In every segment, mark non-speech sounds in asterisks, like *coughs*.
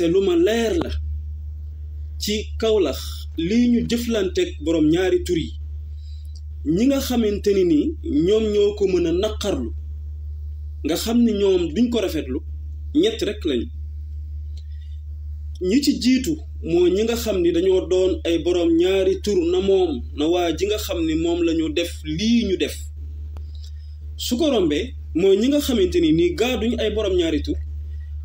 te lu ma leer la ci Kaolack lii ñu jëflanteeg boroom ñaari tur yi ñi nga xamante ni nii ñoom ñoo ko mën a naqarlu nga xam ni ñoom duñ ko rafetlu ñett rek lañu ñi ci jiitu mooy ñi nga xam ni dañoo doon ay boroom ñaari tur na moom na waa ji nga xam ni moom la def lii ñu def su ko rombee mooy ñi nga xamante ni nii gaaduñ ay boroom ñaari tur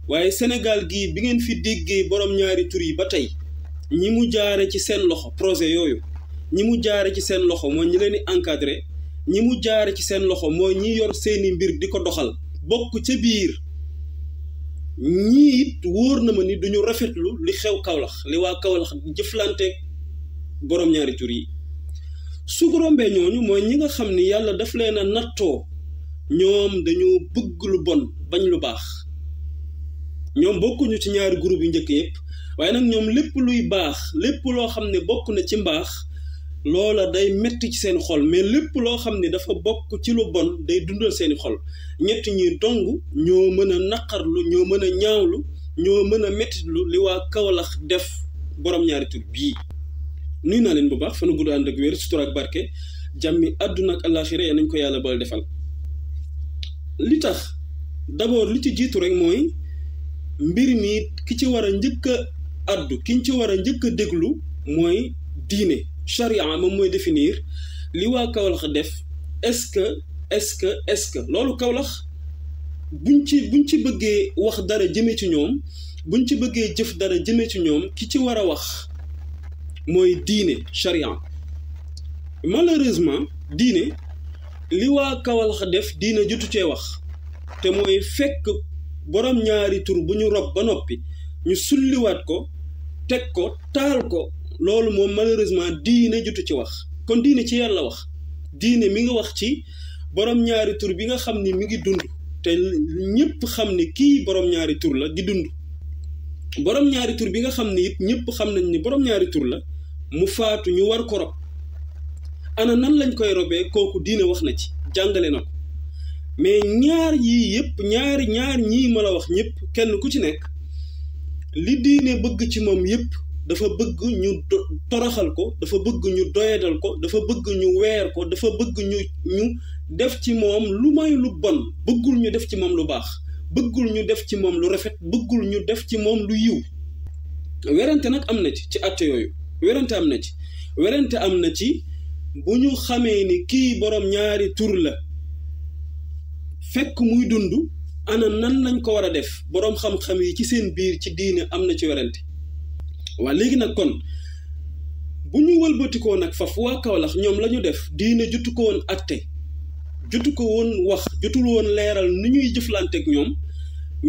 waaye Sénégal gii bi ngeen fi déggee borom ñaari tur yi ba tey ñi mu jaare ci seen loxo projet yooyu ñi mu jaare ci seen loxo mooy ñi leen di encadré ñi mu jaare ci seen loxo mooy ñi yor seeni mbir di ko doxal bokk ca biir ñii wóor na ma ni duñu rafetlu li xew Kaolack li waa Kaolack jëflante borom ñaari tur yi su ko ñooñu mooy ñi nga xam ni yàlla daf leen a nattoo ñoom dañoo bëgg lu bon bañ lu baax ñoom bokkuñu ci ñaari groupe yu njëkk yëpp waaye nag ñoom lépp luy baax lépp loo xam ne bokk na ci mbaax loola day metti ci seen xol mais lépp loo xam ne dafa bokk ci lu bon day dundal seeni xol ñett ñi dong ñoo mën a naqarlu ñoo mën a ñaawlu ñoo mën a mettitlu li waa Kawlax def borom ñaari tur bii nuyu naa leen bu baax fana gudd ànd ak wér sutura ak jam jàmmi àdduna ak àllaaxira yal nañ ko yàlla bal defal li tax d'abord li ci jiitu rek mooy mbir mi ki ci war a njëkk a addu ki ci war a njëkk a déglu mooy diine charia moom mooy definiir li waa Kawlax def est-ce que est-ce que est-ce que loolu Kawlax buñ ci buñ ci bëggee wax dara jëmee ci ñoom buñ ci bëggee jëf dara jëmee ci ñoom ki ci war a wax mooy diine charia malheureusement diine li waa Kawlax def diine jotu cee wax te mooy fekk boroom ñaari tur bu ñu rob ba noppi ñu sulliwaat ko teg ko taal ko loolu moom malheureusement diine jotu ci wax kon diine ci yàlla wax diine mi nga wax ci borom ñaari tur bi nga xam ni mi ngi dund te ñëpp xam ni kii borom ñaari tur la di dund borom ñaari tur bi nga xam ni it ñëpp xam nañ ni borom ñaari tur la mu faatu ñu war ko rob ana nan lañ koy robee kooku diine wax na ci jàngale na ko mais ñaar yii yëpp ñaari ñaar ñii mala wax ñëpp kenn ku ci nekk li diine bëgg ci moom yëpp dafa bëgg ñu toroxal ko dafa bëgg ñu doyadal ko dafa bëgg ñu weer ko dafa bëgg ñu ñu def ci moom lu may lu bon bëggul ñu def ci moom lu baax bëggul ñu def ci moom lu rafet bëggul ñu def ci moom lu yiw werante nag am na ci ci àtte yooyu werante am na ci werante am na ci bu ñu xamee ni kii boroom ñaari tur la fekk muy dund ana nan lañ ko war a def boroom xam-xam yi ci seen biir ci diine am na ci werante waa léegi nag kon bu ñu wëlbatikoo nag faf waa Kaolack ñoom lañu def diine jutu ko woon atte jutu ko woon wax jutul woon leeral ni ñuy jëflanteeg ñoom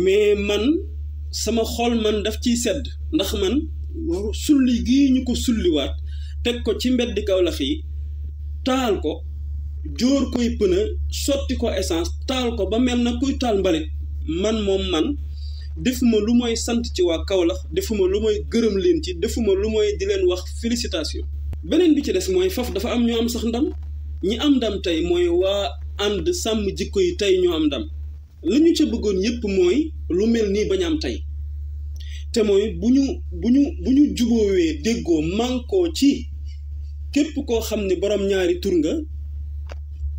mais man sama xol man daf ciy sedd ndax man sulli gii ñu ko sulliwaat teg ko ci mbedd Kaolack yi taal ko jóor koy pëna sotti ko essence taal ko ba mel na kuy taal mbalit man moom man defuma lu mooy sant ci waa kawlax defuma lu mooy gërëm leen ci defuma lu mooy di leen wax félicitation beneen bi ci des mooy faf dafa am ñoo am sax ndam ñi am ndam tey mooy waa ànd sàmm jikko yi tey ñoo am ndam li ñu ca bëggoon yépp mooy lu mel nii bañ am tey te mooy bu ñu bu ñu bu ñu juboowee déggoo mànkoo ci képp koo xam ne borom ñaari tur nga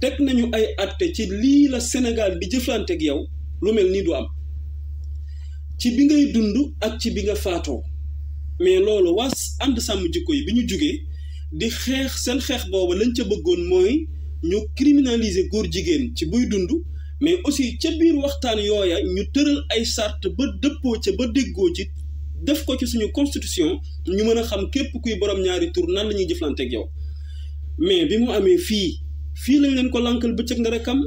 teg nañu ay atte ci lii la Sénégal bi jëflanteeg yow lu mel nii du am ci bi ngay dund ak ci bi nga faatoo mais loolu waa ànd sàmm jikko yi bi ñu jugee di xeex seen xeex booba lañ ca bëggoon mooy ñu criminaliser góor jigéen ci buy dund mais aussi ca biir waxtaan yooya ñu tëral ay sart ba dëppoo ca ba déggoo ci def ko ci suñu constitution ñu mën a xam képp kuy borom ñaari tour nan la ñuy jëflanteeg yow mais bi mu amee fii. fii lañ leen ko lankal bëccëg rek kam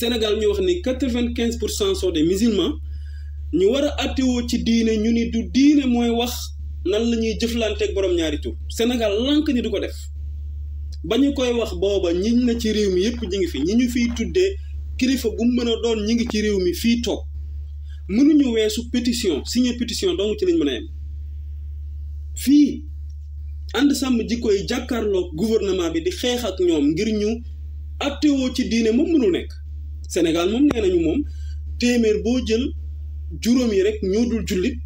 Sénégal ñu wax ni quatre-vingt-quinze pour cent sont des musulmans ñu war a attewoo ci diine ñu ni du diine mooy wax nan la ñuy jëflanteeg borom ñaari tur senegal lank ni du ko def ba ñu koy wax booba ñi na ci réew mi yëpp ñi ngi fi ñi ñu fiy tuddee kilifa gu mën a doon ñi ngi ci réew mi fii toog mënuñu weesu pétition signer pétition doomu ci lañ mën a fii ànd sàmm jikko yi jàkkaarloo gouvernement bi di xeex ak ñoom ngir ñu attewoo ci diine moom mënu nekk Sénégal moom nee nañu moom téeméer boo jël juróom yi rek ñoo dul jullit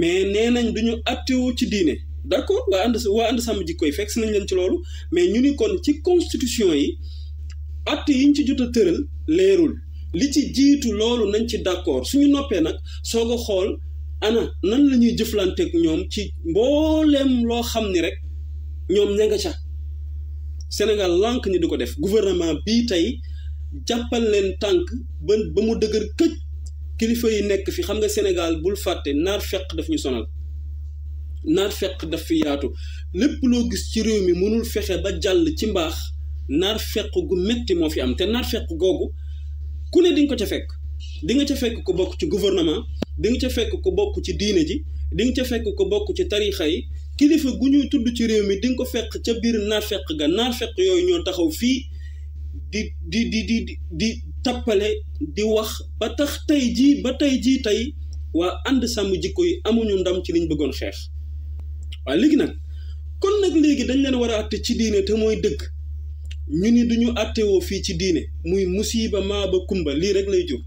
mais nee nañ duñu ñu attewoo ci diine d'accord waa ànd waa ànd sàmm jikko fekk si nañ leen ci loolu mais ñu ni kon ci constitution yi atte yiñ ci jot tëral leerul li ci jiitu loolu nañ ci d'accord suñu noppee nag soog a xool ana nan lañuy ñuy jëflanteeg ñoom ci mbooleem loo xam ni rek ñoom ne nga ca Sénégal lànk ni du ko def gouvernement bii tey jàppal leen tànk ba ba mu dëgër këj kilifa yi nekk fi xam nga Sénégal bul fàtte naar feq daf ñu sonal naar feq daf fi yaatu lépp loo gis ci réew mi mënul fexe ba jàll ci mbaax naar feq gu metti moo fi am te naar feq googu ku ne di nga ko ca fekk di nga ca fekk ko bokk ci gouvernement di nga ca fekk ko bokk ci diine ji di nga ca fekk ko bokk ci tarixa yi kilifa gu ñu tudd ci réew mi di ko feq ca biir naafeq ga naafeq yooyu ñoo taxaw fii di di di di di tappale di wax ba tax tey ji ba tey jii tey waa ànd sàmm jikko yi amuñu ndam ci liñ bëggoon xeex waaye léegi nag kon nag léegi dañ leen war a àtte ci diine te mooy dëgg ñu ni duñu àttewoo fii ci diine muy musiba maa ba kumba lii rek lay jur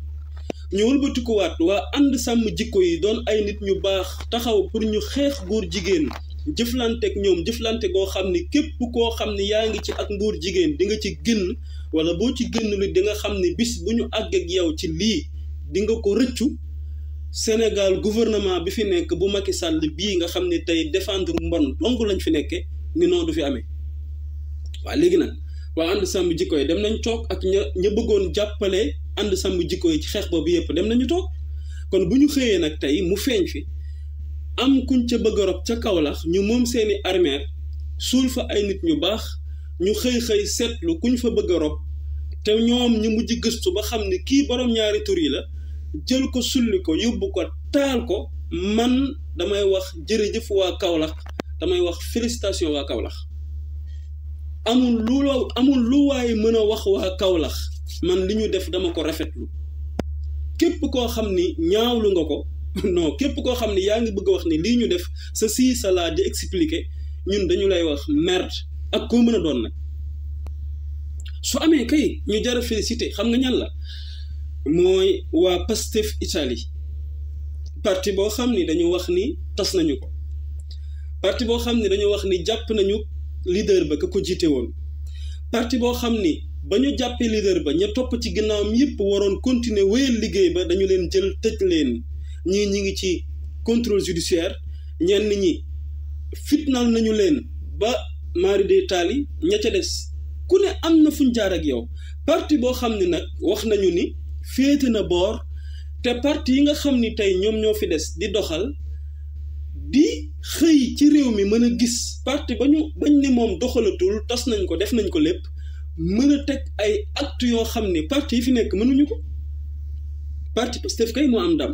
ñu wëlbatikuwaat waa ànd sàmm jikko yi doon ay nit ñu baax taxaw pour ñu xeex góor jigéen jëflanteeg ñoom jëflante goo xam ni képp koo xam ni yaa ngi ci ak nguur jigéen di nga ci génn wala boo ci génn lu di xam ni bis bu ñu àgg ak yow ci lii di nga ko rëccu Sénégal gouvernement bi fi nekk bu Macky Sall bii nga xam ni tey défendre mbon dong lañu fi nekkee ni noonu du fi amee waa léegi nag waa ànd sàmm jikko yi dem nañ toog ak ña ña bëggoon jàppale ànd sàmm jikko yi ci xeex bi yëpp dem nañu toog kon bu ñu xëyee nag tey mu feeñ fi am kuñ ca bëgg rob ca Kaolack ñu moom seeni armeer suul fa ay nit ñu baax ñu xëy-xëy seetlu kuñ fa bëgg rob te ñoom ñu mujj gëstu ba xam ne kii boroom ñaari tur yi la jël ko sulli ko yóbbu ko taal ko man damay wax jërëjëf waa Kaolack damay wax félicitation waa kawlax amul lu loo amul lu waaye mën a wax waa kawlax man li ñu def dama ko rafetlu képp koo xam ni ñaawlu nga ko *coughs* non képp koo xam ne yaa ngi bëgg wax ni lii ñu def ceci cela di expliquer ñun dañu lay wax merde ak koo mën a doon nag su amee kay ñu jar a félicité xam nga ñan la mooy waa Pastef Italie parti boo xam ni dañu wax ni tas nañu ko parti boo xam ni dañu wax ni jàpp nañu leader ba ka ko jiite woon parti boo xam ni ba ñu jàppee leader ba ña topp ci ginnaawam yëpp waroon continuer wéyal liggéey ba dañu leen jël tëj leen ñii ñi ngi ci contrôle judiciaire ñenn ñi fitnaal nañu leen ba mari de taali ña ca des ku ne am na fuñ jaar ak yow parti boo xam ne nag wax nañu ni féete na boor te parti yi nga xam ni tey ñoom ñoo fi des di doxal di xëy ci réew mi mën a gis parti bañu bañ ni moom doxalatul tas nañ ko def nañ ko lépp mën a teg ay acte yoo xam ni parti yi fi nekk mënuñu ko parti Pastef kay moo am dam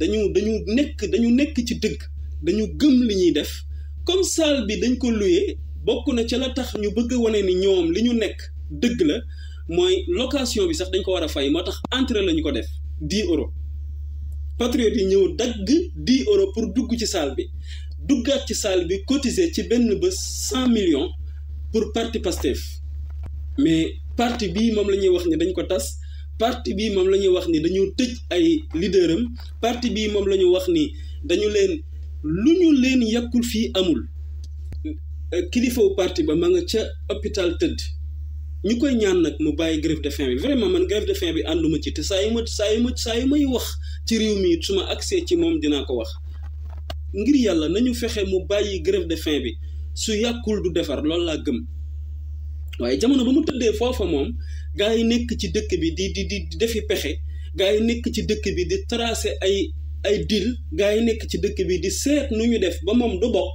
dañu dañu nekk dañu nekk ci dëgg dañu gëm li ñuy def comme salle bi dañ ko luye bokk na ca la tax ñu bëgg a wane ni ñoom li ñu nekk dëgg la mooy location bi sax dañ ko war a fay moo tax entrée la ñu ko def di euros patriote yi ñëw dagg di euros pour dugg ci salle bi duggaat ci salle bi cotiser ci benn bés 100 million pour parti Pastef mais parti bii moom la ñuy wax ni dañ ko tas. partie bii moom la ñuy wax ni dañu tëj ay leader am parti bii moom la ñu wax ni dañu leen lu ñu leen yàkkul fii amul kilifawu parti ba ma nga ca hôpital tëdd ñu koy ñaan nag mu bàyyi grève de faim bi vraiment man grève de faim bi ànduma ci te saa yu ma saa yu ma saa may wax ci réew mi su ma accès ci moom dinaa ko wax ngir yàlla nañu fexe mu bàyyi grève de faim bi su yàkkul du defar loolu laa gëm waaye jamono ba mu tëddee foofa moom gaa yi nekk ci dëkk bi di di di defi pexe gaa yi nekk ci dëkk bi di tracer ay ay deal gars yi nekk ci dëkk bi di seet nu ñu def ba moom du bokk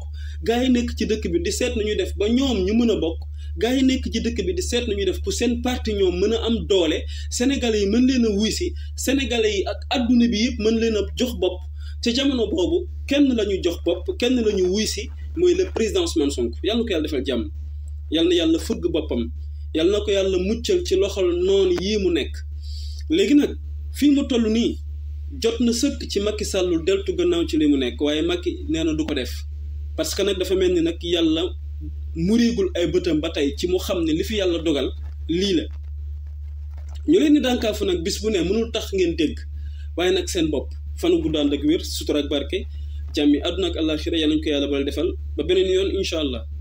gars yi nekk ci dëkk bi di seet nu ñu def ba ñoom ñu mën a bokk gaa yi nekk ci dëkk bi di seet nu ñu def pour seen parti ñoom mën a am doole sénégalais yi mën leen a wuy si sénégalais yi ak adduna bi yëpp mën leen a jox bopp te jamono boobu kenn la ñu jox bopp kenn la ñu wuy si mooy le présidence Ousmane Sonko yàlla ko yàlla defal jàmm yal na yàlla fëgg boppam yal na ko yàlla muccal ci loxol noonu yii mu nekk léegi nag fii mu toll nii jot na sëkk ci Macky Sall deltu gannaaw ci li mu nekk waaye Macky nee na du ko def parce que nag dafa mel ni nag yàlla muriigul ay bëtam ba tey ci mu xam ne li fi yàlla dogal lii la ñu leen di dànkaafu nag bis bu ne mënul tax ngeen dégg waaye nag seen bopp fanu guddaan ak wér sutura ak barke jàmmi àdduna ak àllaaxira yal nañu ko yàlla bal defal ba beneen yoon incha allah